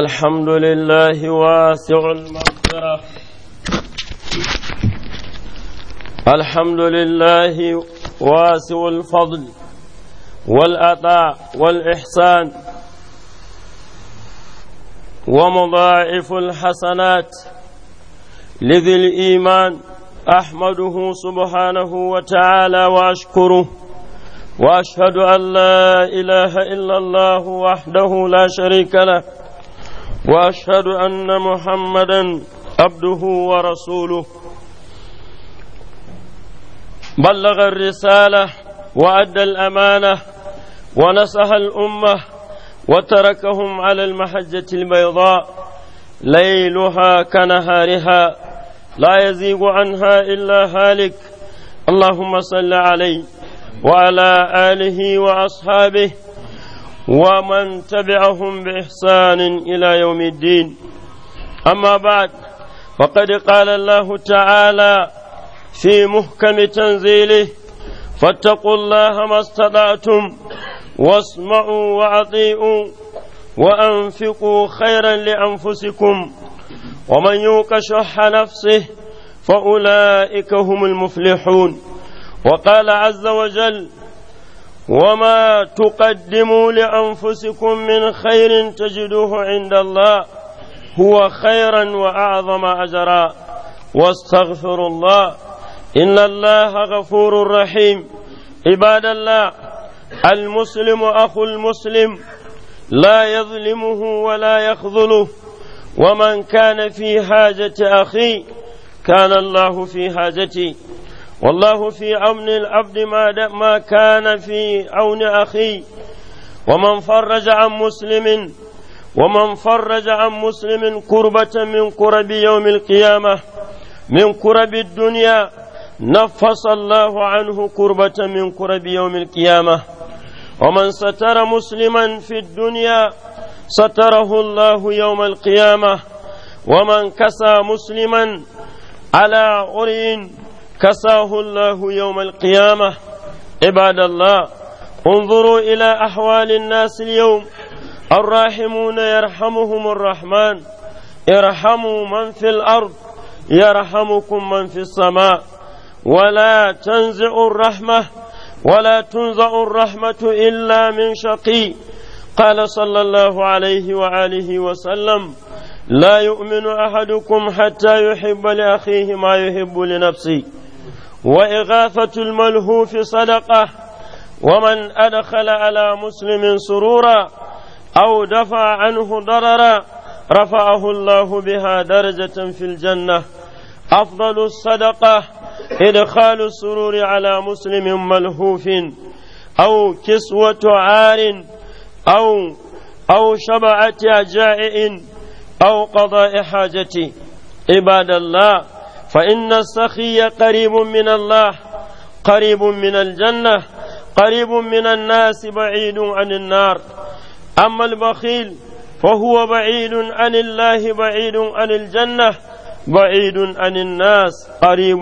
الحمد لله واسع المغفرة الحمد لله واسع الفضل والأطاع والإحسان ومضاعف الحسنات لذي الإيمان أحمده سبحانه وتعالى وأشكره وأشهد أن لا إله إلا الله وحده لا شريك له واشهد ان محمدا عبده ورسوله بلغ الرساله وادى الامانه ونصح الامه وتركهم على المحجه البيضاء ليلها كنهارها لا يزيغ عنها الا هالك اللهم صل عليه وعلى اله واصحابه ومن تبعهم باحسان الى يوم الدين اما بعد فقد قال الله تعالى في محكم تنزيله فاتقوا الله ما استطعتم واسمعوا واطيعوا وانفقوا خيرا لانفسكم ومن يوق شح نفسه فاولئك هم المفلحون وقال عز وجل وما تقدموا لانفسكم من خير تجدوه عند الله هو خيرا واعظم اجرا واستغفروا الله ان الله غفور رحيم عباد الله المسلم اخو المسلم لا يظلمه ولا يخذله ومن كان في حاجه اخي كان الله في حاجتي والله في عون العبد ما, ما كان في عون اخي ومن فرج عن مسلم ومن فرج عن مسلم كربة من كرب يوم القيامة من كرب الدنيا نفص الله عنه كربة من كرب يوم القيامة ومن ستر مسلما في الدنيا ستره الله يوم القيامة ومن كسى مسلما على عري كساه الله يوم القيامة عباد الله انظروا إلى أحوال الناس اليوم الراحمون يرحمهم الرحمن ارحموا من في الأرض يرحمكم من في السماء ولا تنزع الرحمة ولا تنزع الرحمة إلا من شقي قال صلى الله عليه وآله وسلم لا يؤمن أحدكم حتى يحب لأخيه ما يحب لنفسه وإغاثة الملهوف صدقة ومن أدخل على مسلم سرورا أو دفع عنه ضررا رفعه الله بها درجة في الجنة أفضل الصدقة إدخال السرور على مسلم ملهوف أو كسوة عار أو أو شبعة جائع أو قضاء حاجته عباد الله فإن السخي قريب من الله قريب من الجنة قريب من الناس بعيد عن النار أما البخيل فهو بعيد عن الله بعيد عن الجنة بعيد عن الناس قريب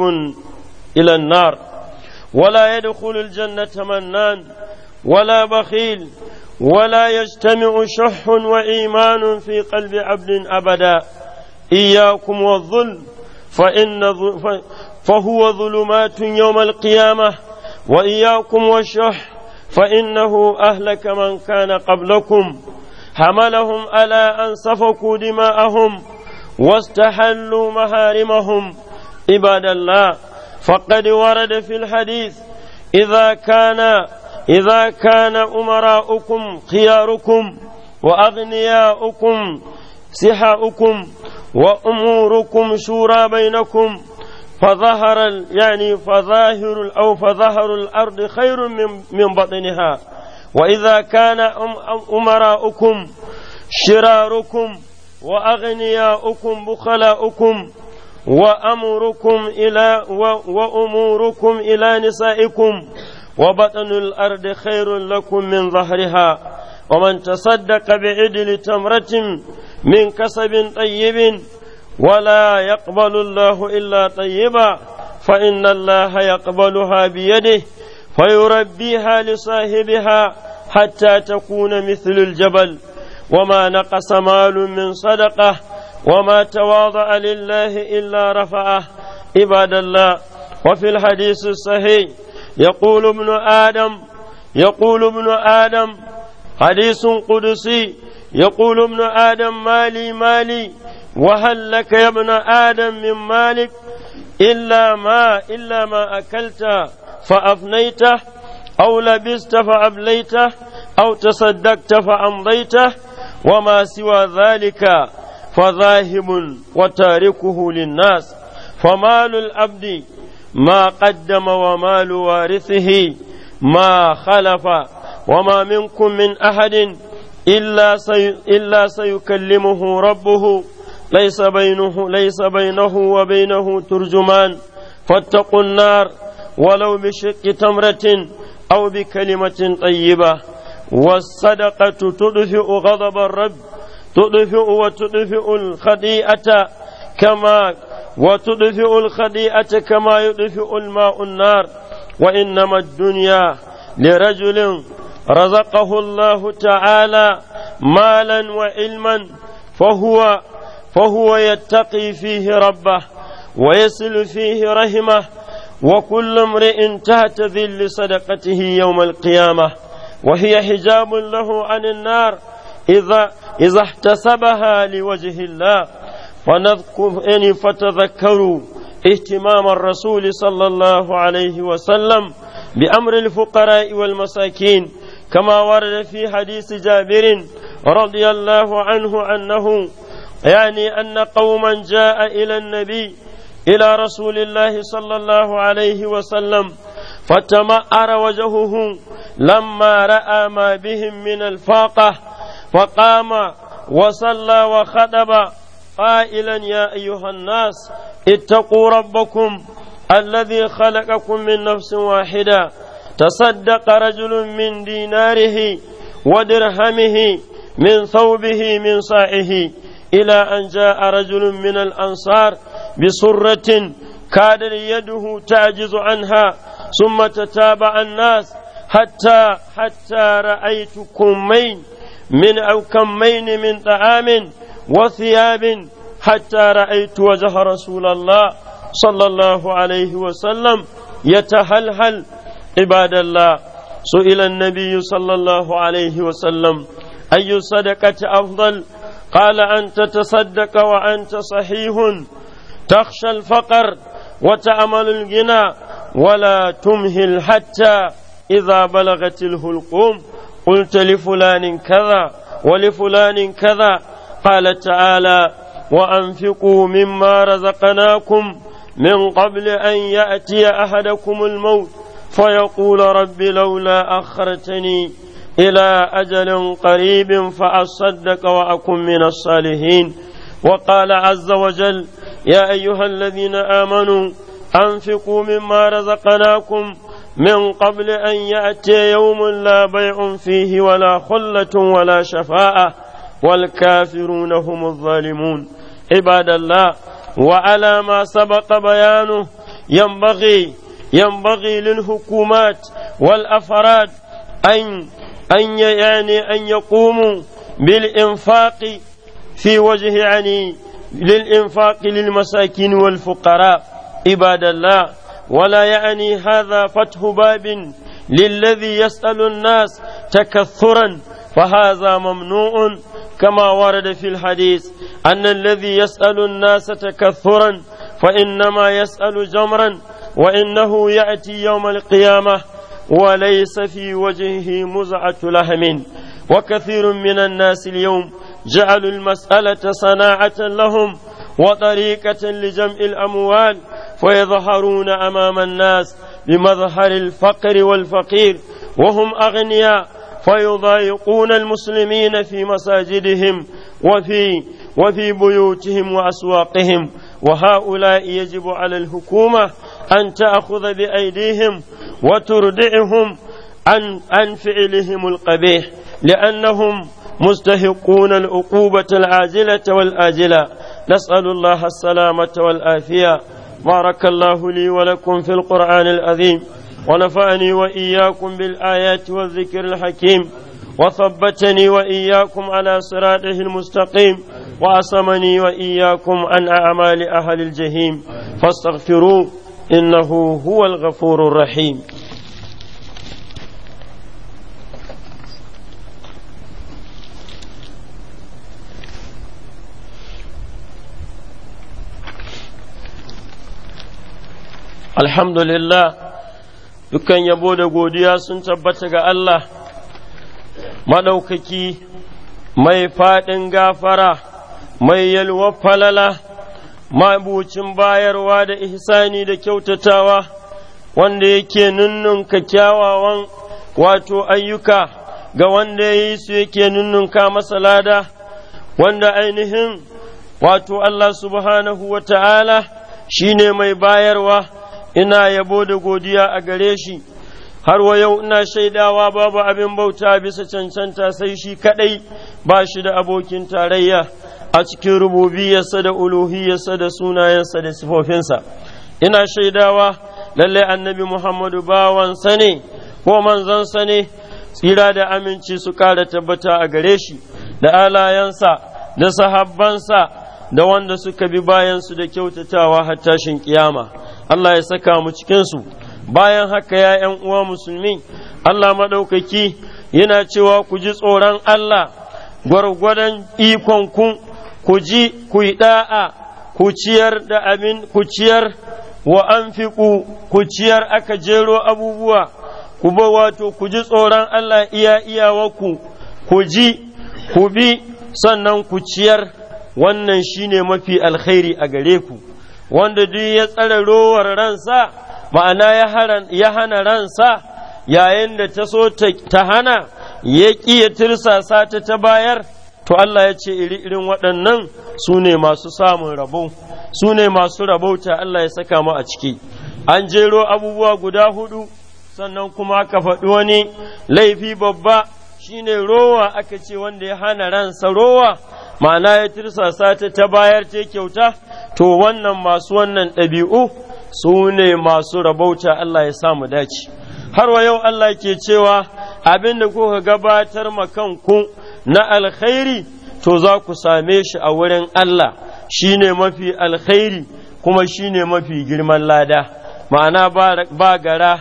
إلى النار ولا يدخل الجنة منان ولا بخيل ولا يجتمع شح وإيمان في قلب عبد أبدا إياكم والظلم فإن فهو ظلمات يوم القيامة وإياكم والشح فإنه أهلك من كان قبلكم حملهم ألا أن سفكوا دماءهم واستحلوا محارمهم عباد الله فقد ورد في الحديث إذا كان إذا كان أمراؤكم خياركم وأغنياؤكم سحاؤكم وأموركم شورى بينكم فظهر يعني فظاهر أو فظهر الأرض خير من من بطنها وإذا كان أمراؤكم شراركم وأغنياؤكم بخلاؤكم وأمركم إلى وأموركم إلى نسائكم وبطن الأرض خير لكم من ظهرها ومن تصدق بعدل تمرة من كسب طيب ولا يقبل الله إلا طيبا فإن الله يقبلها بيده فيربيها لصاحبها حتى تكون مثل الجبل وما نقص مال من صدقة وما تواضع لله إلا رفعه عباد الله وفي الحديث الصحيح يقول ابن آدم يقول ابن آدم حديث قدسي يقول ابن آدم مالي مالي وهل لك يا ابن آدم من مالك إلا ما إلا ما أكلت فأفنيته أو لبست فأبليته أو تصدقت فأمضيته وما سوى ذلك فذاهب وتاركه للناس فمال العبد ما قدم ومال وارثه ما خلف وما منكم من أحد إلا, سي إلا سيكلمه ربه ليس بينه ليس بينه وبينه ترجمان فاتقوا النار ولو بشق تمرة أو بكلمة طيبة والصدقة تدفئ غضب الرب تدفئ وتدفئ الخطيئة كما وتدفئ الخطيئة كما يدفئ الماء النار وإنما الدنيا لرجل رزقه الله تعالى مالا وعلما فهو فهو يتقي فيه ربه ويصل فيه رحمه وكل امرئ تحت ذل صدقته يوم القيامه وهي حجاب له عن النار إذا إذا احتسبها لوجه الله فنذكر يعني فتذكروا اهتمام الرسول صلى الله عليه وسلم بأمر الفقراء والمساكين كما ورد في حديث جابر رضي الله عنه أنه يعني أن قوما جاء إلى النبي إلى رسول الله صلى الله عليه وسلم فتمأر وجهه لما رأى ما بهم من الفاقة فقام وصلى وخطب قائلا يا أيها الناس اتقوا ربكم الذي خلقكم من نفس واحده تصدق رجل من ديناره ودرهمه من ثوبه من صاعه إلى أن جاء رجل من الأنصار بسرة كاد يده تعجز عنها ثم تتابع الناس حتى حتى رأيت كمين من أو كمين من طعام وثياب حتى رأيت وجه رسول الله صلى الله عليه وسلم يتهلهل عباد الله سئل النبي صلى الله عليه وسلم أي الصدقة أفضل قال أن تتصدق وأنت صحيح تخشى الفقر وتأمل الغنى ولا تمهل حتى إذا بلغت الهلقوم قلت لفلان كذا ولفلان كذا قال تعالى وأنفقوا مما رزقناكم من قبل أن يأتي أحدكم الموت فيقول رب لولا أخرتني إلى أجل قريب فأصدق وأكن من الصالحين وقال عز وجل يا أيها الذين آمنوا أنفقوا مما رزقناكم من قبل أن يأتي يوم لا بيع فيه ولا خلة ولا شفاء والكافرون هم الظالمون عباد الله وعلى ما سبق بيانه ينبغي ينبغي للحكومات والأفراد أن أن يعني أن يقوموا بالإنفاق في وجه يعني للإنفاق للمساكين والفقراء عباد الله ولا يعني هذا فتح باب للذي يسأل الناس تكثرا فهذا ممنوع كما ورد في الحديث أن الذي يسأل الناس تكثرا فإنما يسأل جمرا وإنه يأتي يوم القيامة وليس في وجهه مزعة لهم وكثير من الناس اليوم جعلوا المسألة صناعة لهم وطريقة لجمع الأموال فيظهرون أمام الناس بمظهر الفقر والفقير وهم أغنياء فيضايقون المسلمين في مساجدهم وفي وفي بيوتهم وأسواقهم وهؤلاء يجب على الحكومة أن تأخذ بأيديهم وتردعهم عن عن فعلهم القبيح لأنهم مستحقون العقوبة العاجلة والآجلة نسأل الله السلامة والعافية بارك الله لي ولكم في القرآن العظيم ونفعني وإياكم بالآيات والذكر الحكيم وثبتني وإياكم على صراطه المستقيم وعصمني وإياكم عن أعمال أهل الجحيم فاستغفروه إنه هو الغفور الرحيم alhamdulillah dukkan yabo da godiya sun tabbata ga Allah madaukaki mai faɗin gafara mai yalwar falala mabucin bayarwa da ihsani da kyautatawa wanda yake nunnunka kyawawan wato ayyuka ga wanda ya yi su yake nunnunka masa lada wanda ainihin wato Allah subhanahu wa ta'ala shi ne mai bayarwa ina yabo da godiya a gare shi har wa yau ina shaidawa babu abin bauta bisa cancanta sai shi kaɗai ba shi da abokin tarayya. a cikin rububiyarsa da uluhiyarsa da sunayensa da sifofinsa ina shaidawa lallai annabi muhammadu bawansa ne ko manzansa ne tsira da aminci su kara tabbata a gare shi da alayensa da sahabbansa da wanda suka bi bayansu da kyautatawa har tashin kiyama Allah ya saka mu cikinsu bayan haka ya ‘yan uwa musulmi Allah maɗaukaki yana cewa ku ji tsoron Allah gwargwadon ikon kun ku ji ku yi da'a ku ciyar da amin ku ciyar wa an fi ku ciyar aka jero abubuwa ku ba wato ku ji tsoron Allah iya iyawarku ku ji ku bi sannan ku ciyar wannan shi ne mafi alkhairi a gare ku wanda duk ya tsare rowar ransa ma'ana ya hana ransa yayin da ta so ta hana ya ƙi ya tirsasa ta ta bayar to Allah ya ce iri irin waɗannan su ne masu samun rabo su ne masu rabauta Allah ya saka mu a ciki an jero abubuwa guda hudu sannan kuma aka faɗi wani laifi babba shine rowa aka ce wanda ya hana ransa rowa ma'ana ya tirsasa ta ta bayar ce kyauta to wannan masu wannan ɗabi'u su ne masu rabauta Allah ya samu dace har wa yau Allah ke cewa abin da kuka gabatar ma kanku na alkhairi to za ku same shi a wurin Allah shi ne mafi alkhairi kuma shi ne mafi girman lada ma'ana ba gara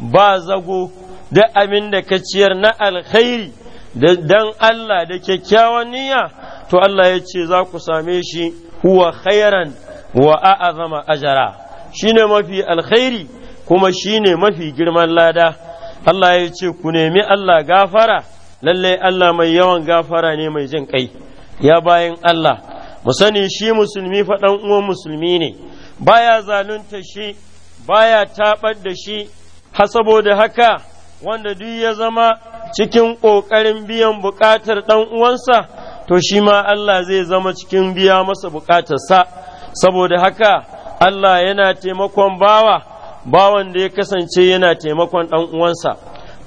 ba zago da amin da ka ciyar na alkhairi don Allah da kyakkyawan niyya to Allah ya ce za ku same shi huwa khairan wa a'azama ajara shi ne mafi alkhairi kuma shi ne mafi girman lada Allah ya ce ku nemi Allah gafara lallai Allah mai yawan gafara ne mai jin kai ya bayan Allah mu sani shi musulmi faɗan uwan musulmi ne baya zalunta shi baya taɓar da shi ha saboda haka wanda duk ya zama cikin ƙoƙarin biyan buƙatar ɗan uwansa to shi ma Allah zai zama cikin biya masa buƙatarsa saboda haka Allah yana taimakon bawa bawan da ya kasance yana taimakon ɗan uwansa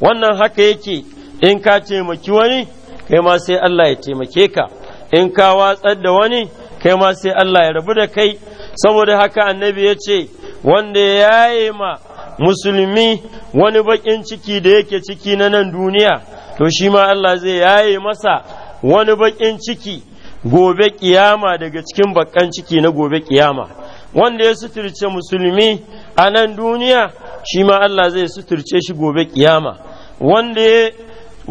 wannan haka yake in ka taimaki wani kai ma sai Allah ya taimake ka in ka watsar da wani kai ma sai Allah ya rabu da kai saboda haka annabi ya ce wanda ya yi ma musulmi wani bakin ciki da yake ciki na nan duniya to shi ma Allah zai yaye masa wani bakin ciki gobe kiyama daga cikin bakan ciki na gobe kiyama wanda ya suturce musulmi a nan duniya shi ma Allah zai suturce shi gobe kiyama wanda ya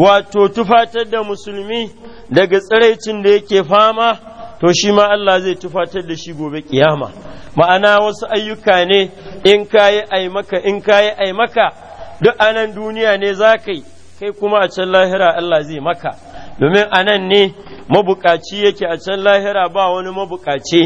wato tufatar da musulmi daga tsiraicin da yake fama to shi ma Allah zai tufatar da shi gobe kiyama ma'ana wasu ayyuka ne in kayi yi aimaka in kayi yi aimaka duk anan duniya ne za kai kai kuma a can lahira Allah zai maka domin anan ne mabukaci yake a can lahira ba wani mabukaci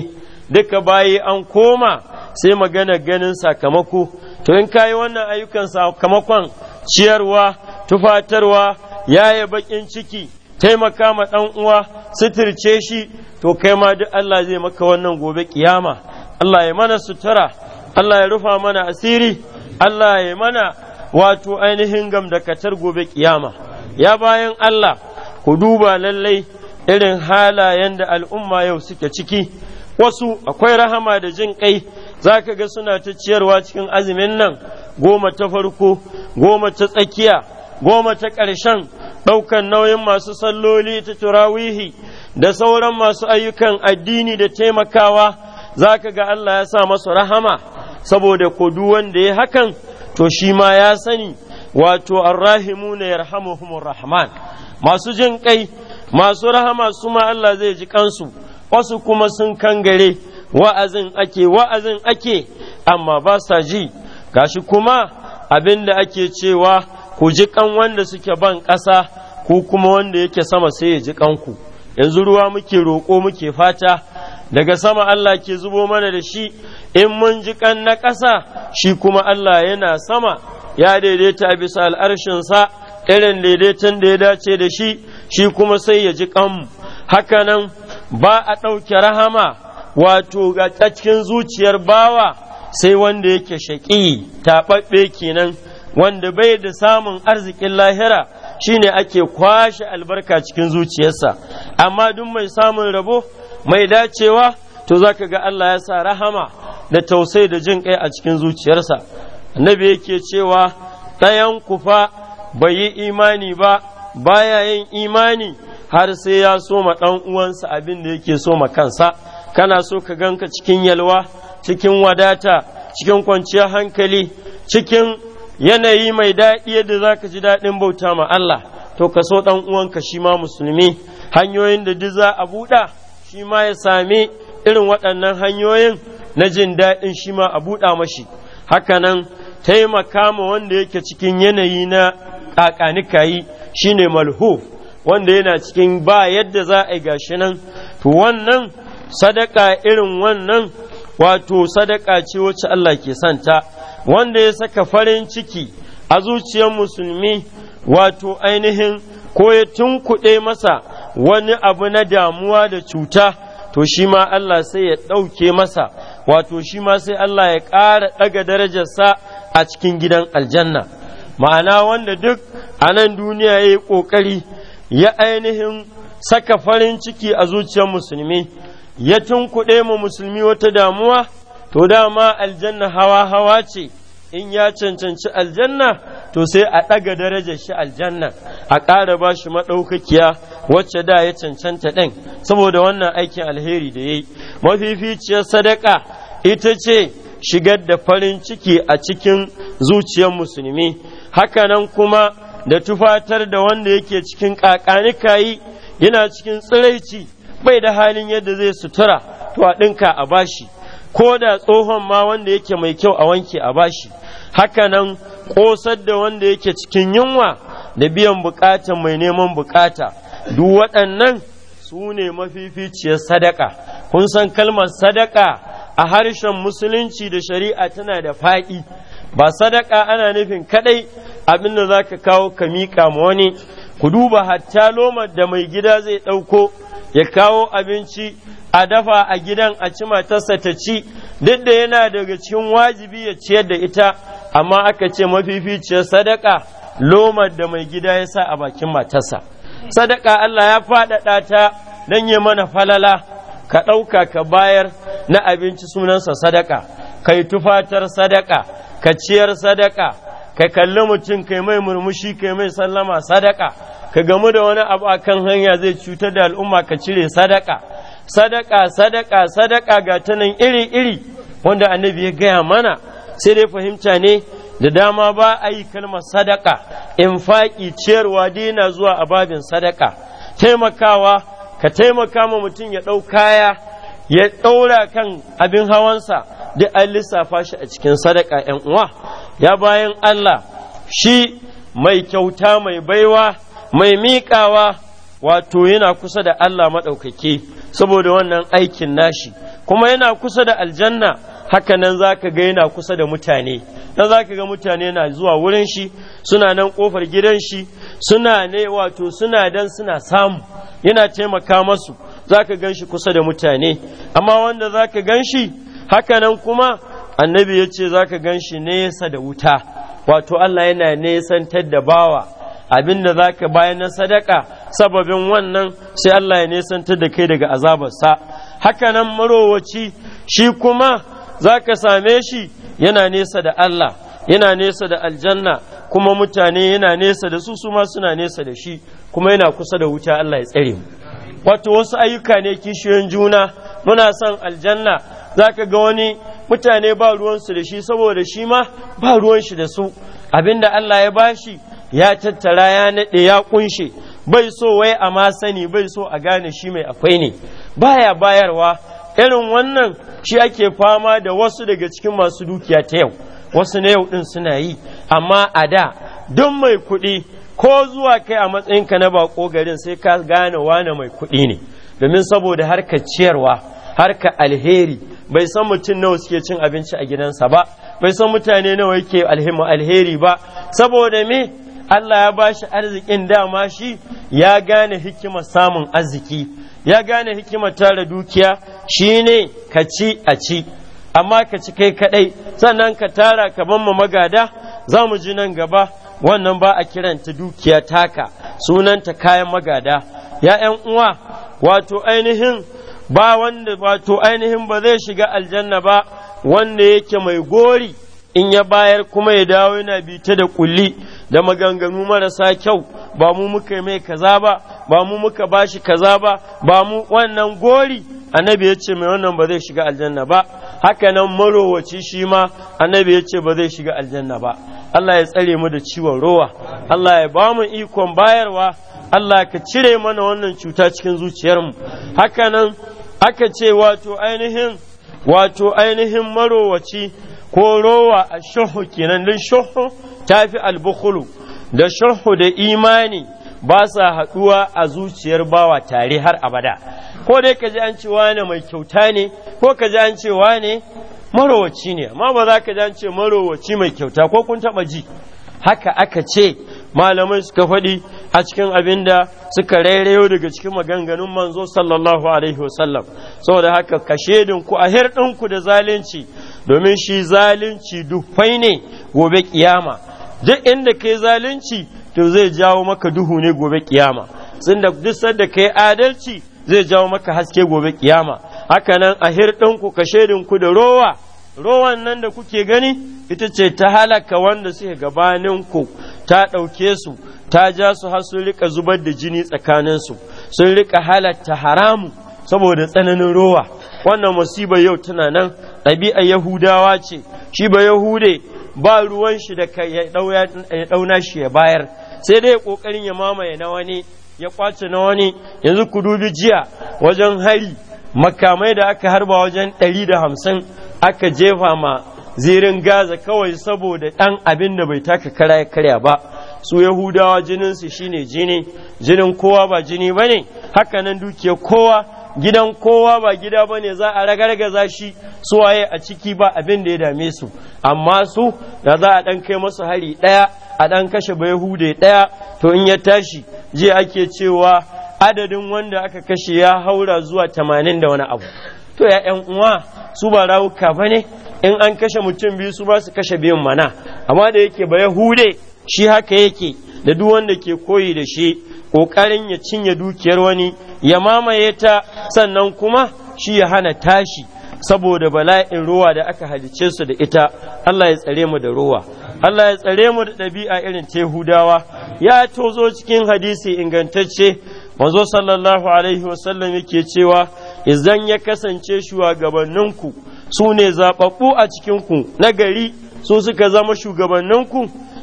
duka bayi an koma sai magana ganin sakamako to in kayi wannan ayyukan sakamakon ciyarwa tufatarwa yaye bakin ciki taimaka ma ɗan uwa suturce shi to kai ma duk Allah zai maka wannan gobe kiyama Allah ya mana sutura Allah ya rufa mana asiri Allah ya mana wato ainihin katar gobe kiyama ya bayan Allah ku duba lallai irin halayen da al'umma yau suke ciki wasu akwai rahama da jin kai zaka ga suna ta ciyarwa cikin azumin nan goma ta farko goma ta tsakiya goma ta ƙarshen ɗaukan nauyin masu salloli ta turawihi da sauran masu ayyukan addini da taimakawa za ka ga Allah ya sa masu rahama saboda Kudu wanda ya hakan to shi ma ya sani wato arrahimu na yarhamuhumur rahman masu jin kai masu rahama su ma Allah zai ji kansu wasu kuma sun kangare wa'azin ake wa'azin ake amma ba sa ji gashi kuma abin da ake cewa ku ji kan wanda suke ban ƙasa ko kuma wanda yake sama sai ya ji kanku yanzu ruwa muke roƙo muke fata daga sama Allah ke zubo mana da shi in mun ji kan na ƙasa shi kuma Allah yana sama ya daidaita bisa al'arshinsa irin daidaiton da ya dace da shi shi kuma sai ya ji kanmu nan, ba a ɗauke rahama wato ga cikin zuciyar bawa sai wanda yake shaƙi taɓaɓɓe kenan wanda bai da samun arzikin lahira shine ake kwashe albarka cikin zuciyarsa amma duk mai samun rabo mai dacewa to zaka ga Allah ya sa rahama da tausai da jin kai a cikin zuciyarsa annabi yake cewa ɗayan kufa bai yi imani ba baya yin imani har sai ya soma ɗan uwansa abin da yake soma kansa kana so ka ganka cikin yalwa cikin wadata cikin kwanciyar hankali cikin yanayi mai daɗi yadda za ka ji daɗin bauta ma Allah to ka so ɗan uwanka shi ma musulmi hanyoyin da duk za a buɗa shi ma ya sami irin waɗannan hanyoyin na jin daɗin shi ma a buɗa mashi hakanan taimaka ma wanda yake cikin yanayi na ƙaƙanikayi shine malhu wanda yana cikin ba yadda za a yi gashi nan wannan sadaka irin wannan wato sadaka ce wacce Allah ke santa wanda ya saka farin ciki a zuciyar musulmi wato ainihin ko ya tunkuɗe masa wani abu na damuwa da cuta to shi ma Allah sai ya ɗauke masa wato shi ma sai Allah ya ƙara ɗaga darajarsa a cikin gidan aljanna ma'ana wanda duk a nan duniya ya yi ƙoƙari ya ainihin saka farin ciki a zuciyar musulmi ya tunkuɗe ma musulmi wata damuwa to dama aljanna hawa hawa ce in ya cancanci aljanna to sai a ɗaga darajar shi aljanna a ƙara ba shi maɗaukakiya wacce da ya cancanta ɗin saboda wannan aikin alheri da ya yi mafificiyar sadaka ita ce shigar da farin ciki a cikin zuciyar musulmi hakanan kuma da tufatar da wanda yake cikin ƙaƙanikayi yana cikin tsiraici bai da halin yadda zai sutura to a ɗinka a bashi ko da tsohon ma wanda yake mai kyau a wanke a bashi hakanan ƙosar da wanda yake cikin yunwa da biyan bukata mai neman bukata duk waɗannan su ne mafificiyar sadaka kun san kalmar sadaka a harshen musulunci da shari'a tana da faɗi ba sadaka ana nufin kaɗai abinda za ka kawo ka miƙa ma wani ku duba hatta lomar da mai gida zai ɗauko ya kawo abinci a dafa a gidan a ci matarsa ta ci duk da yana daga cikin wajibi ya ciyar da ita amma aka ce mafificiyar sadaka lomar da mai gida ya sa a bakin matarsa sadaka Allah ya faɗaɗa ta dan yi mana falala ka ɗauka ka bayar na abinci sunansa sadaka kai tufatar sadaka ka ciyar sadaka ka kalli mutum kai mai murmushi kai mai sallama sadaka ka gamu da wani abu a kan hanya zai cutar da al'umma ka cire sadaka sadaka sadaka sadaka ga ta nan iri iri wanda annabi ya gaya mana sai dai fahimta ne da dama ba a yi kalmar sadaka faƙi ciyarwa dina zuwa a babin sadaka taimakawa ka taimaka ma mutum ya ɗau kaya ya ɗaura kan abin hawansa duk an lissafa shi a cikin sadaka ‘yan uwa ya bayan Allah shi mai kyauta mai baiwa mai miƙawa wato yana kusa da Allah maɗaukake saboda wannan aikin nashi kuma yana kusa da aljanna haka nan za ka ga yana kusa da mutane nan za ka ga mutane na zuwa wurin shi suna nan ƙofar gidan shi suna ne wato suna dan suna samu yana taimaka masu za ka gan shi kusa da mutane amma wanda za ka gan shi haka nan kuma annabi ya ce za ka gan shi nesa da wuta wato Allah yana nesantar da bawa abin da za ka bayan na sadaka sababin wannan sai Allah ya nesantar da kai daga azabarsa hakanan marowaci shi kuma za ka same shi yana nesa da Allah yana nesa da aljanna kuma mutane yana nesa da su su ma suna nesa da shi kuma yana kusa da wuta Allah ya tsare mu wato wasu ayyuka ne kishiyoyin juna muna son aljanna za ka ga wani mutane ba ruwansu da shi saboda shi ma ba ruwan shi da su abinda Allah ya bashi ya tattara ya naɗe ya kunshe bai so wai a ma sani bai so a gane shi mai akwai ne baya bayarwa irin wannan shi ake fama da wasu daga cikin masu dukiya ta yau wasu na yau din suna yi amma a da duk mai kuɗi ko zuwa kai a matsayinka na bako garin sai ka gane wane mai kuɗi ne domin saboda harkar ciyarwa harkar alheri bai san mutum nawa suke cin abinci a gidansa ba bai san mutane nawa yake alhimu alheri ba saboda me Allah ya bashi arzikin dama shi ya gane hikimar samun arziki ya gane hikimar tara dukiya shi ne ka ci a ci amma ka ci kai kadai sannan ka tara ka ma magada za mu ji nan gaba wannan ba a kiranta dukiya taka sunanta kayan magada ya 'yan uwa wato ainihin ba wanda wato ainihin ba zai shiga aljanna ba wanda yake mai gori in ya bayar kuma ya dawo yana bita da kulli da maganganu marasa kyau ba mu muka mai kaza ba ba mu muka bashi kaza ba ba mu wannan gori annabi ya ce mai wannan ba zai shiga aljanna ba haka nan marowaci shi ma annabi ya ce ba zai shiga aljanna ba Allah ya tsare mu da ciwon rowa Allah ya ba mu ikon bayarwa Allah ka cire mana wannan cuta cikin zuciyarmu haka nan aka ce wato ainihin wato ainihin marowaci ko rowa a shuhu kenan don shuhu ta fi da shuhu da imani ba sa haɗuwa a zuciyar bawa tare har abada ko dai ka ji an ce wane mai kyauta ne ko ka ji an ce wane marowaci ne amma ba za ka ji an ce marowaci mai kyauta ko kun taɓa ji haka aka ce malamai suka faɗi a cikin abin da suka rairayo daga cikin maganganun manzo sallallahu alaihi wasallam saboda haka kashe ku a hirɗinku da zalunci domin shi zalunci dufai ne gobe kiyama duk inda kai zalunci to zai jawo maka duhu ne gobe kiyama sun da duk sanda kai adalci zai jawo maka haske gobe kiyama hakanan a hirɗinku kashe ku da rowa rowan nan da kuke gani ita ce ta halaka wanda suke gabaninku ta ɗauke su ta ja su har sun rika zubar da jini tsakaninsu sun rika halatta haramu saboda tsananin rowa wannan musiba yau tana nan ɗabi'a yahudawa ce shi ba yahude ba ruwan shi da ya ɗauna shi ya bayar sai dai ƙoƙarin ya mamaye na wani ya ƙwace na wani yanzu ku dubi jiya wajen hari makamai da aka harba wajen ɗari da hamsin aka jefa ma zirin gaza kawai saboda ɗan abin da bai taka kara ya karya ba su yahudawa jininsu shine jini jinin kowa ba jini ba ne hakanan dukiyar kowa gidan kowa ba gida ba ne za a ragargaza shi su waye a ciki ba abin da ya dame su amma su da za a ɗan kai masu hari ɗaya a ɗan kashe ba yahude ɗaya to in ya tashi jiya ake cewa adadin wanda aka kashe ya haura zuwa tamanin da wani abu to ya uwa su ba rawuka ba ne in an kashe mutum biyu su ba su kashe biyun mana amma da yake ba yahude shi haka yake da duk wanda ke koyi da shi ƙoƙarin ya cinye dukiyar wani ya mamaye ta sannan kuma shi ya hana tashi saboda bala'in ruwa da aka halice su da ita Allah ya tsare mu da ruwa Allah ya tsare mu da ɗabi'a irin ta ya tozo cikin hadisi ingantacce manzo sallallahu alaihi wasallam yake cewa idan ya kasance shugabanninku su ne zaɓaɓɓu a cikinku na gari su suka zama shugabanninku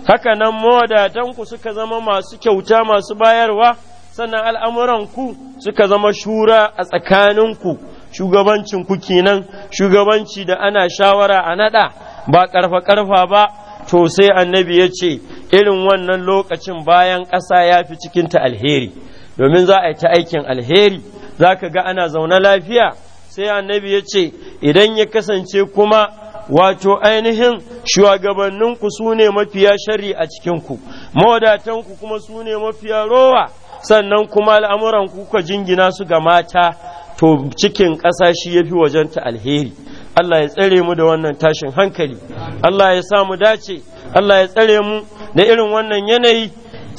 haka nan mawadatanku suka zama masu kyauta masu bayarwa sannan al'amuranku suka zama shura a tsakaninku shugabancinku kenan shugabanci da ana shawara a naɗa ba ƙarfa-ƙarfa ba to sai annabi ya ce irin wannan lokacin bayan ƙasa ya fi cikinta alheri domin za a yi ta aikin alheri za ka ga ana zaune lafiya sai annabi ya ce idan ya kasance kuma wato ainihin shugabanninku su ne mafiya shari a cikinku mawadatanku kuma su ne mafiya rowa sannan kuma al'amuran kuka jingina su ga mata to cikin ƙasa shi ya fi wajenta alheri Allah ya tsare mu da wannan tashin hankali Allah ya sa mu dace Allah ya tsare mu da irin wannan yanayi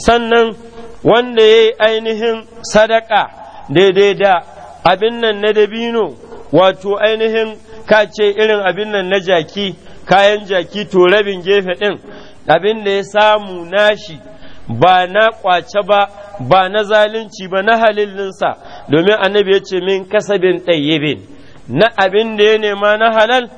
sannan wanda ya yi ainihin sadaka daidai da abin nan na dabino wato ainihin ka ce irin abin nan na jaki kayan jaki to rabin gefe ɗin abin da ya samu nashi ba na ƙwace ba ba na zalunci ba na halillinsa, domin annabi ya ce min kasabin ɗayyibin na abin da ya nema na halal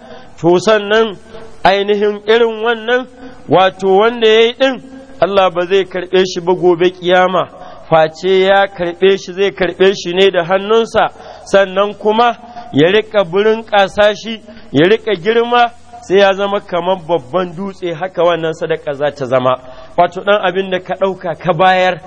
to sannan ainihin irin wannan wato wanda ya yi ɗin Allah ba zai karɓe shi ba gobe kiyama face ya karɓe shi zai karɓe shi ne da hannunsa sannan kuma ya rika burin ƙasa shi ya rika girma sai ya zama kamar babban dutse haka wannan sadaka za ta zama wato ɗan abin da ka ɗauka ka bayar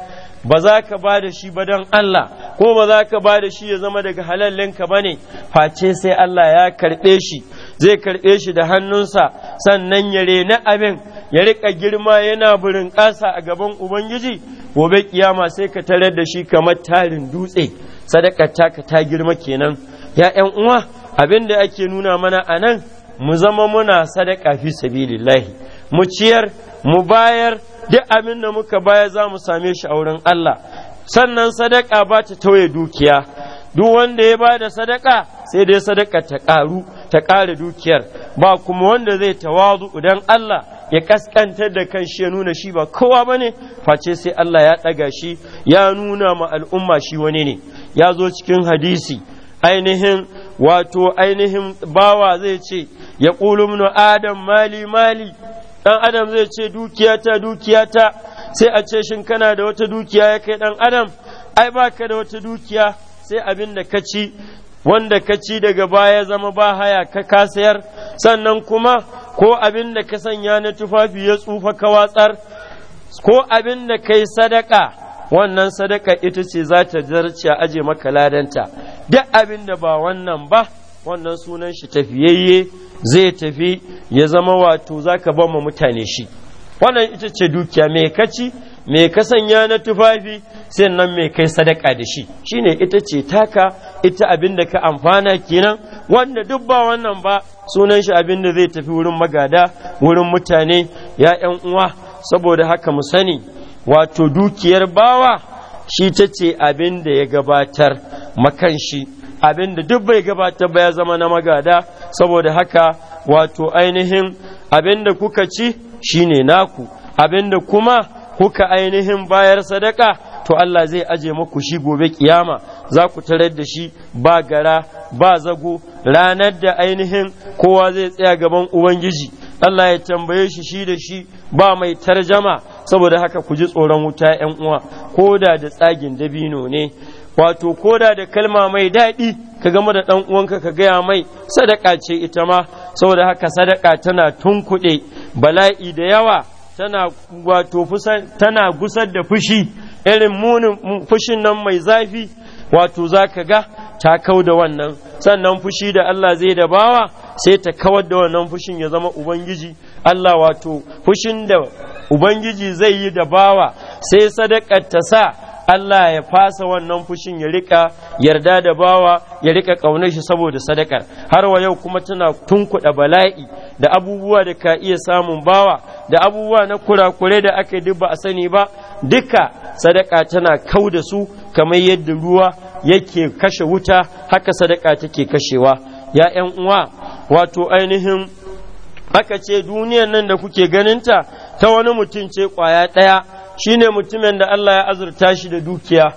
ba za ka ba da shi ba don Allah ko ba za ka ba da shi ya zama daga halallinka ba ne face sai Allah ya karɓe shi zai karɓe shi da hannunsa sannan ya rena abin ya riƙa girma yana burin ƙasa a gaban ubangiji gobe ƙiyama sai ka tarar da shi kamar tarin dutse sadaka taka ta girma kenan Ya'yan uwa abin da ake nuna mana a nan mu zama muna sadaka fi sabilillahi mu ciyar mu bayar duk abin da muka baya za mu same shi a wurin Allah sannan sadaka ba ta tauye dukiya duk wanda ya ba da sadaka sai dai sadaka ta ƙaru ta ƙara dukiyar ba kuma wanda zai tawazu idan Allah ya kaskantar da kan shi ya nuna shi ba kowa ba ne face sai Allah ya ɗaga shi ya nuna ma al'umma shi wani ne ya zo cikin hadisi ainihin wato ainihin bawa zai ce ya ƙulu adam mali mali ɗan adam zai ce dukiyata dukiyata sai a ce shin kana da wata dukiya ya kai ɗan adam ai baka da wata dukiya sai abin da ka ci wanda ka ci daga baya zama ba haya ka kasayar sannan kuma ko abin da ka sanya na tufafi ya tsufa ka watsar ko abin da yi sadaka wannan sadaka ita ce za ta zarce aje maka ladanta duk abin da ba wannan ba wannan sunan shi tafiyayye zai tafi ya zama wato za ka ma mutane shi wannan ita ce dukiya mai kaci Mai ka sanya na tufafi nan mai kai sadaka da shi shine ita ce taka ita abin da ka amfana kenan wanda duk ba wannan ba sunan shi abin da zai tafi wurin magada wurin mutane ya yan uwa saboda haka mu sani wato dukiyar bawa shi ta ce abin da ya gabatar makan shi abin da duk bai gabatar ba ya zama na magada saboda haka wato ainihin abin da kuka ci shine naku abin da kuma kuka ainihin bayar sadaka to Allah zai aje muku shi gobe kiyama za ku tarar da shi ba gara ba zago ranar da ainihin kowa zai tsaya gaban ubangiji Allah ya tambaye shi shi da shi ba mai tarjama saboda haka ku ji tsoron wuta ‘yan uwa koda da tsagin dabino ne wato koda da kalma mai daɗi ka gama da ɗan uwanka ka gaya mai sadaka ce ita ma saboda haka sadaka tana tunkuɗe bala'i da yawa tana wato tana gusar da fushi irin munin fushin nan mai zafi wato za ka ga ta kau da wannan sannan fushi da Allah zai da bawa sai ta kawar da wannan fushin ya zama ubangiji Allah wato fushin da ubangiji zai yi da bawa sai sadakar ta sa Allah ya fasa wannan fushin ya rika yarda da bawa ya rika kaunar shi saboda sadakar har wa yau kuma tana tunkuɗa bala'i da abubuwa da ka iya samun bawa da abubuwa na kurakure da aka yi ba a sani ba duka sadaka tana kau da su kamar yadda ruwa yake kashe wuta haka sadaka take kashewa ya ‘yan uwa wato ainihin aka ce duniyan nan da kuke ganinta ta wani mutum ce kwaya ɗaya Shi ne mutumin da Allah ya azurta shi da dukiya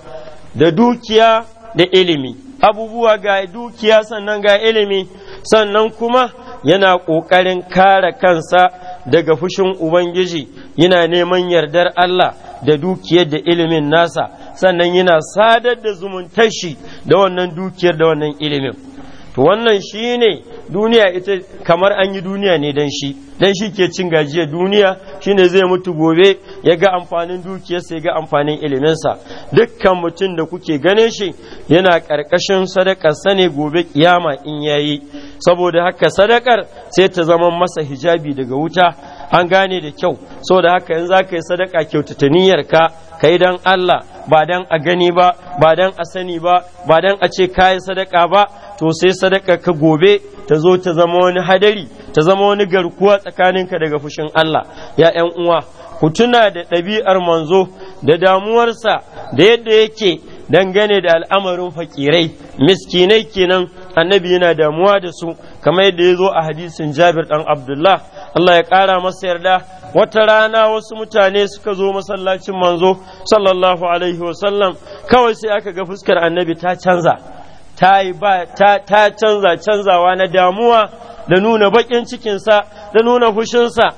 da dukiya da ilimi abubuwa ga dukiya sannan ga ilimi sannan kuma yana ƙoƙarin kare kansa daga fushin Ubangiji yana neman yardar Allah da dukiyar da ilimin nasa sannan yana sadar da zumuntashi shi da wannan dukiyar da wannan ilimin to wannan shi ne duniya ita kamar an yi duniya ne dan shi dan shi ke cin gajiyar duniya shi ne zai mutu gobe ya ga amfanin dukiyarsa ya ga amfanin iliminsa dukkan mutum da kuke ganin shi yana ƙarƙashin sadakarsa ne gobe kiyama in yayi saboda haka sadakar sai ta zama masa hijabi daga wuta an gane da kyau da haka yanzu ka yi sadaka kyautata ka yi dan Allah ba dan a gani ba ba dan a sani ba ba dan a ce ka yi sadaka ba to sai sadaka ka gobe ta zo ta zama wani hadari ta zama wani garkuwa tsakaninka daga fushin Allah ya ƴan uwa ku tuna da ɗabi'ar manzo da damuwarsa da yadda yake dangane da al'amarin fakirai miskinai kenan annabi yana damuwa da su kamar yadda ya zo a hadisin jabir ɗan abdullah Allah ya ƙara masa yarda wata rana wasu mutane suka zo masallacin manzo sallallahu alaihi wasallam kawai sai aka ga fuskar annabi ta canza ta ta canza canzawa na damuwa da nuna baƙin cikinsa da nuna fushinsa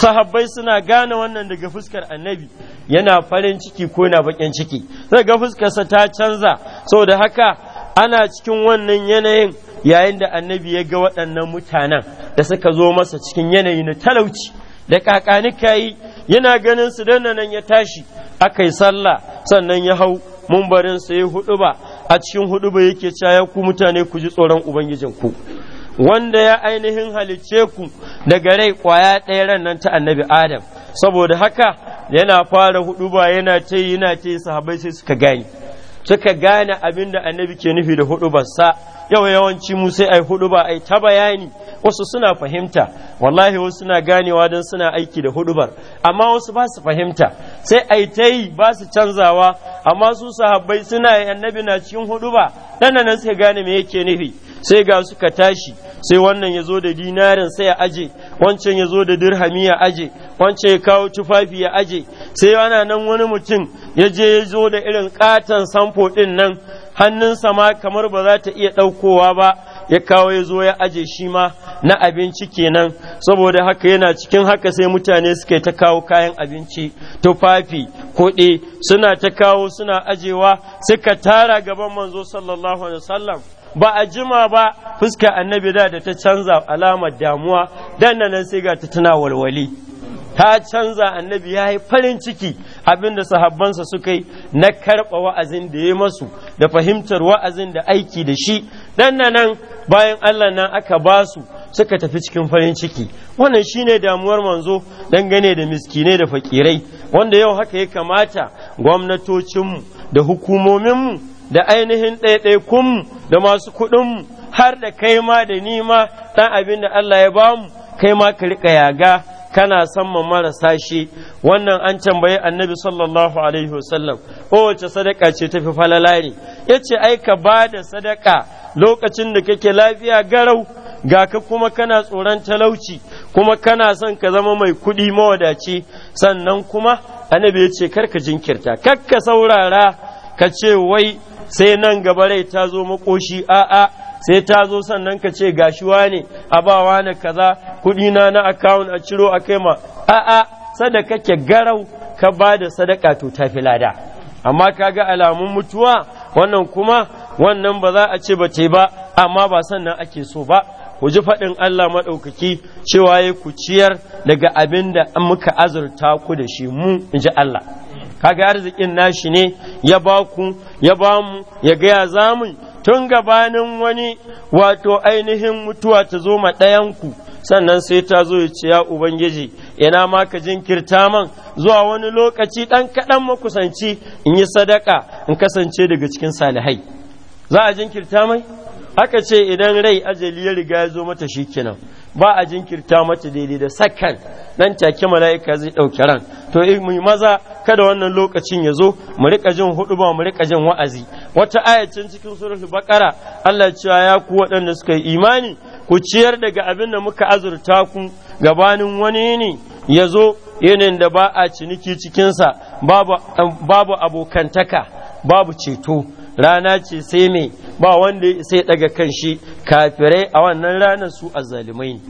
sahabbai suna gane wannan daga fuskar annabi yana farin ciki ko yana baƙin ciki sai ga fuskarsa ta canza saboda haka ana cikin wannan yanayin yayin da annabi ya ga waɗannan mutanen da suka zo masa cikin yanayi na talauci da kakanika yi yana ganin su dan nan ya tashi aka yi sallah sannan ya hau mumbarin sa ya hudu ba a cikin hudu ba yake caya ku mutane ku ji tsoron ubangijin ku wanda ya ainihin halicce ku daga rai kwaya ɗaya ran nan ta annabi adam saboda haka yana fara hudu ba yana ce yana ce sahabbai sai suka gane suka gane abin da annabi ke nufi da hudu sa yau yawanci mu sai ai hudu ba ai ta bayani wasu suna fahimta wallahi wasu suna ganewa don suna aiki da hudubar amma wasu ba su fahimta sai ai ta yi ba su canzawa amma su sahabbai suna annabi na cikin huduba dan nan sai gane me yake nufi sai ga suka tashi sai wannan ya zo da dinarin sai ya aje wancan ya zo da dirhami ya aje wancan ya kawo tufafi ya aje sai ana nan wani mutum ya je ya zo da irin katon samfo din nan Hannun sama kamar ba za ta iya ɗaukowa ba ya kawo ya zo ya aje shi ma na abinci kenan saboda haka yana cikin haka sai mutane suka ta kawo kayan abinci tufafi kuɗi suna ta kawo suna ajewa suka tara gaban manzo sallallahu alaihi wasallam ba a jima ba fuska annabi da da ta canza alamar damuwa dan nan sai ga ta tana walwali ta canza annabi ya yi farin ciki abinda sahabbansa suka yi na karɓa wa'azin da ya masu da fahimtar wa'azin da aiki da shi dan nan bayan Allah nan aka ba su suka tafi cikin farin ciki wannan shi ne damuwar manzo dangane da miskinai da fakirai wanda yau haka ya kamata gwamnatocinmu da hukumominmu da ainihin ɗaiɗaikunmu da masu kuɗinmu har da kai ma da nima ɗan abin da Allah ya bamu kai ma ka riƙa yaga kana san ma marasa shi wannan an tambayi annabi sallallahu alaihi wasallam kowace sadaka ce tafi falalari yace ai ka ba da sadaka lokacin da kake lafiya garau ga ka kuma kana tsoron talauci kuma kana son ka zama mai kuɗi mawadaci sannan kuma annabi ya kar ka jinkirta kakka saurara ka ce wai sai nan gaba rai ta zo makoshi a'a sai ta zo sannan ka ce gashi wane abawa na kaza kuɗi na na account a ciro a kai ma a'a sadaka ke garau ka ba da sadaka to ta fi lada amma ka ga alamun mutuwa wannan kuma wannan ba za a ce ba ce ba amma ba sannan ake so ba ku ji faɗin Allah maɗaukaki cewa ya ku ciyar daga abin da muka azurta ku da shi mu in ji Allah kaga arzikin nashi ne ya ba ku ya ba mu ya gaya zamun tun gabanin wani wato ainihin mutuwa ta zo ma ɗayanku sannan sai ta zo ya ce ya ubangiji ina ma ka jinkirta man zuwa wani lokaci ɗan kaɗan makusanci in yi sadaka in kasance daga cikin salihai za a jinkirta mai aka ce idan rai ajali ya riga ya zo mata shikenan ba a jinkirta mata daidai da sakan nan take mala'ika zai ɗauki ran to eh, mu maza kada wannan lokacin ya zo mu rika jin hudu ba mu rika jin wa'azi wata ayacin cikin suratul baqara Allah cewa ya ku waɗanda suka yi imani ku ciyar daga abin da muka azurta ku gabanin wani ne ya zo yanayin da ba a ciniki cikinsa babu abokantaka babu ceto rana ce sai mai ba wanda sai daga kan shi kafirai a wannan ranar su azzalimai ne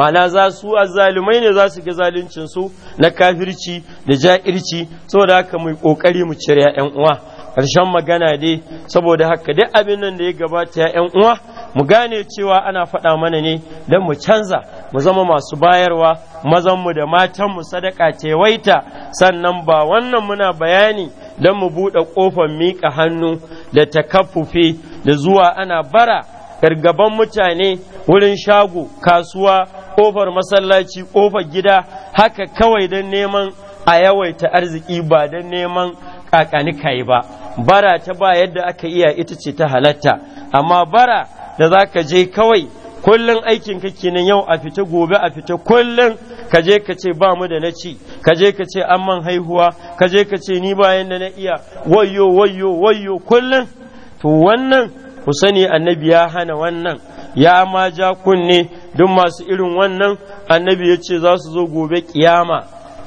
ma'ana za su azzalumai ne za su ga zaluncin su na kafirci da ja'irci saboda haka mu kokari mu cire ƴan uwa ƙarshen magana dai saboda haka duk abin nan da ya gabata ƴan uwa mu gane cewa ana faɗa mana ne don mu canza mu zama masu bayarwa mazan mu da matan mu sadaka waita sannan ba wannan muna bayani don mu buɗe ƙofar miƙa hannu da takaffufi da zuwa ana bara gargaban mutane wurin shago kasuwa kofar masallaci ƙofar gida haka kawai don neman a yawaita arziki ba don neman kai ba bara ta ba yadda aka iya ita ce ta halatta amma bara da za ka je kawai kullum aikin ka kenan yau a fita gobe a fita kullum ka je ka ce ba mu da na ci ka je ka ce an man haihuwa ka je ka ce ni bayan da na iya wayo wayo wayo kullum to wannan ku sani annabi ya hana wannan ya ma ja kunne duk masu irin wannan annabi ya ce za su zo gobe kiyama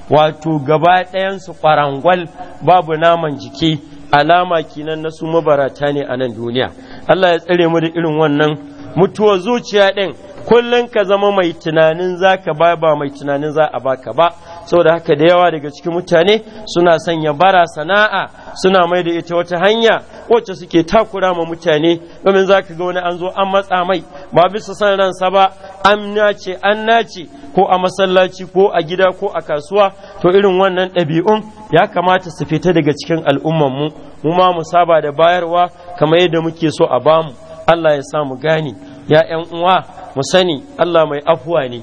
wato gaba ɗayansu ƙwarangwal babu naman jiki alama kinan na su mabarata ne a nan duniya Allah ya tsare mu da irin wannan mutuwar zuciya ɗin kullum ka zama mai tunanin za ka ba ba mai tunanin za a baka ba saboda haka da yawa daga cikin mutane suna sanya bara sana'a suna mai da ita wata hanya wacce suke takura ma mutane domin za ka ga wani an zo an matsa mai ba bisa san ransa ba an nace an nace ko a masallaci ko a gida ko a kasuwa to irin wannan ɗabi'un ya kamata su fita daga cikin al'ummanmu mu ma mu saba da bayarwa kamar yadda muke so a bamu Allah ya sa mu gane ya ‘yan uwa mu sani Allah mai afuwa ne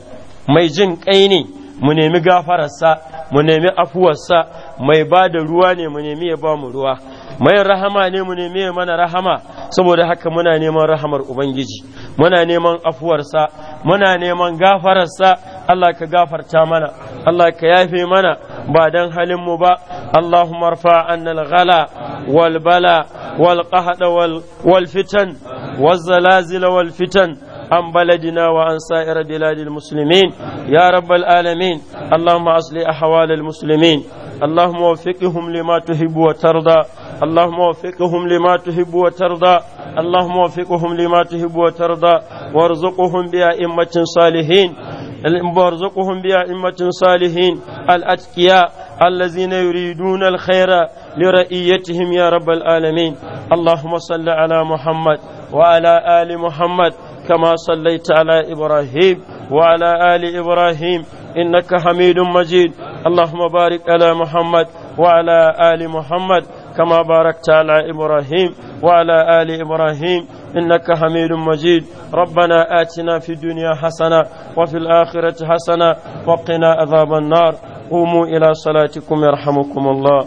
mai jin kai ne mu nemi gafararsa mu nemi afuwarsa mai bada ruwa ne mu nemi ya ba mu ruwa mai rahama ne mu neme mana rahama saboda haka muna neman rahamar ubangiji muna neman afuwarsa muna neman gafararsa Allah ka gafarta mana Allah ka yafe mana ba dan halin mu ba Allahumma arfa anna al-ghala wal bala wal qahda wal fitan wal zalazil wal fitan عن بلدنا وعن سائر بلاد المسلمين يا رب العالمين اللهم أصلح أحوال المسلمين اللهم وفقهم لما تحب وترضى اللهم وفقهم لما تحب وترضى اللهم وفقهم لما تحب وترضى وارزقهم بأئمة صالحين وارزقهم بأئمة صالحين الأتقياء الذين يريدون الخير لرئيتهم يا رب العالمين اللهم صل على محمد وعلى آل محمد كما صليت على إبراهيم وعلى آل إبراهيم إنك حميد مجيد اللهم بارك على محمد وعلى آل محمد كما باركت على إبراهيم وعلى آل إبراهيم إنك حميد مجيد ربنا آتنا في الدنيا حسنة وفي الآخرة حسنة وقنا عذاب النار قوموا إلى صلاتكم يرحمكم الله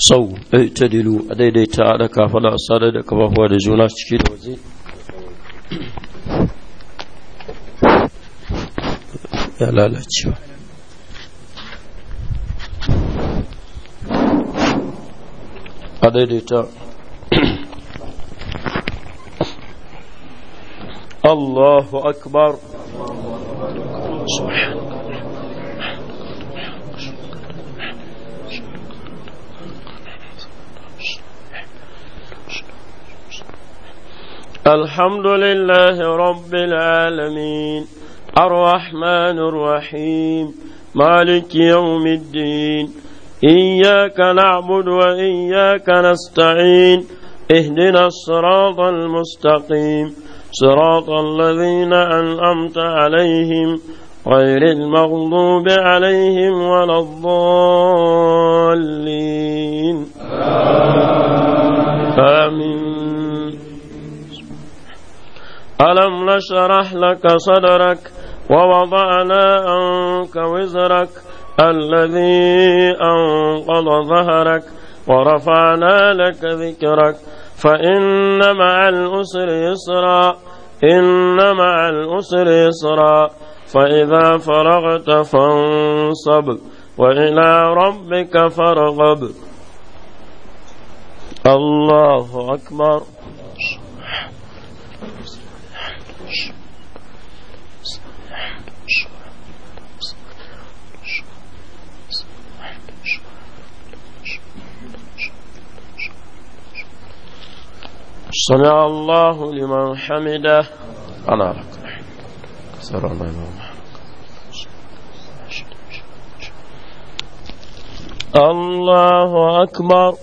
sau ɗaitadilu a daidaita da kafala a sadar da kafafuwa da juna ciki da waje ya lalacewa a daidaita Allahu akbar subhanahu الحمد لله رب العالمين الرحمن الرحيم مالك يوم الدين إياك نعبد وإياك نستعين اهدنا الصراط المستقيم صراط الذين أنأمت عليهم غير المغضوب عليهم ولا الضالين آمين ألم نشرح لك صدرك ووضعنا عنك وزرك الذي أنقض ظهرك ورفعنا لك ذكرك فإن مع الأسر يسرا إن مع الأسر يسرا فإذا فرغت فانصب وإلى ربك فارغب الله أكبر سمع الله لمن حمده أنا لك سر الله الله أكبر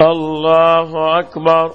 الله أكبر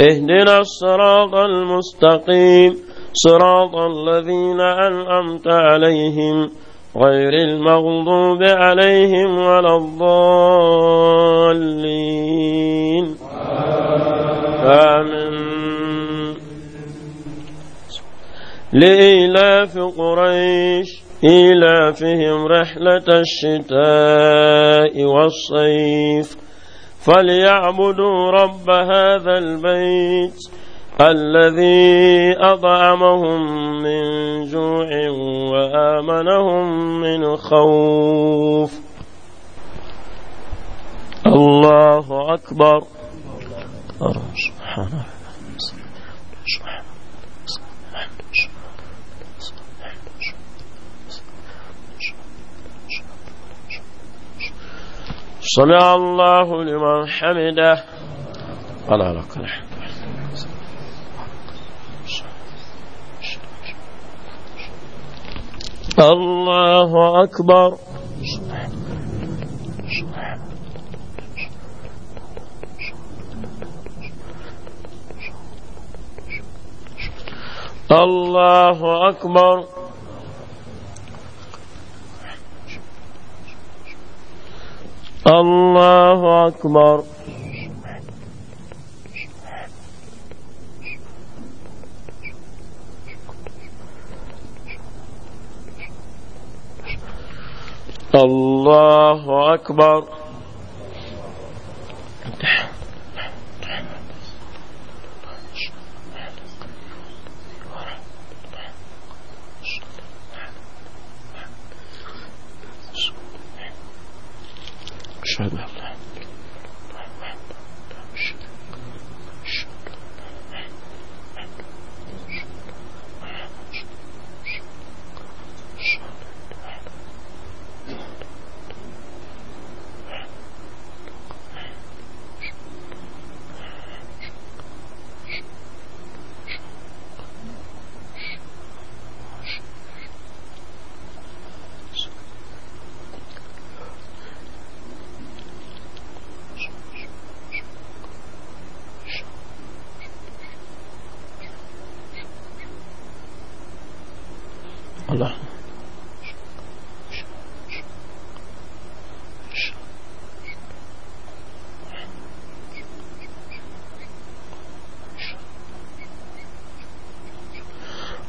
اهدنا الصراط المستقيم صراط الذين أنعمت عليهم غير المغضوب عليهم ولا الضالين آمين لإيلاف قريش إيلافهم رحلة الشتاء والصيف فليعبدوا رب هذا البيت الذي أطعمهم من جوع وآمنهم من خوف الله أكبر الله سبحانه صلى الله لمن حمده على لك الحمد الله أكبر الله أكبر الله أكبر الله أكبر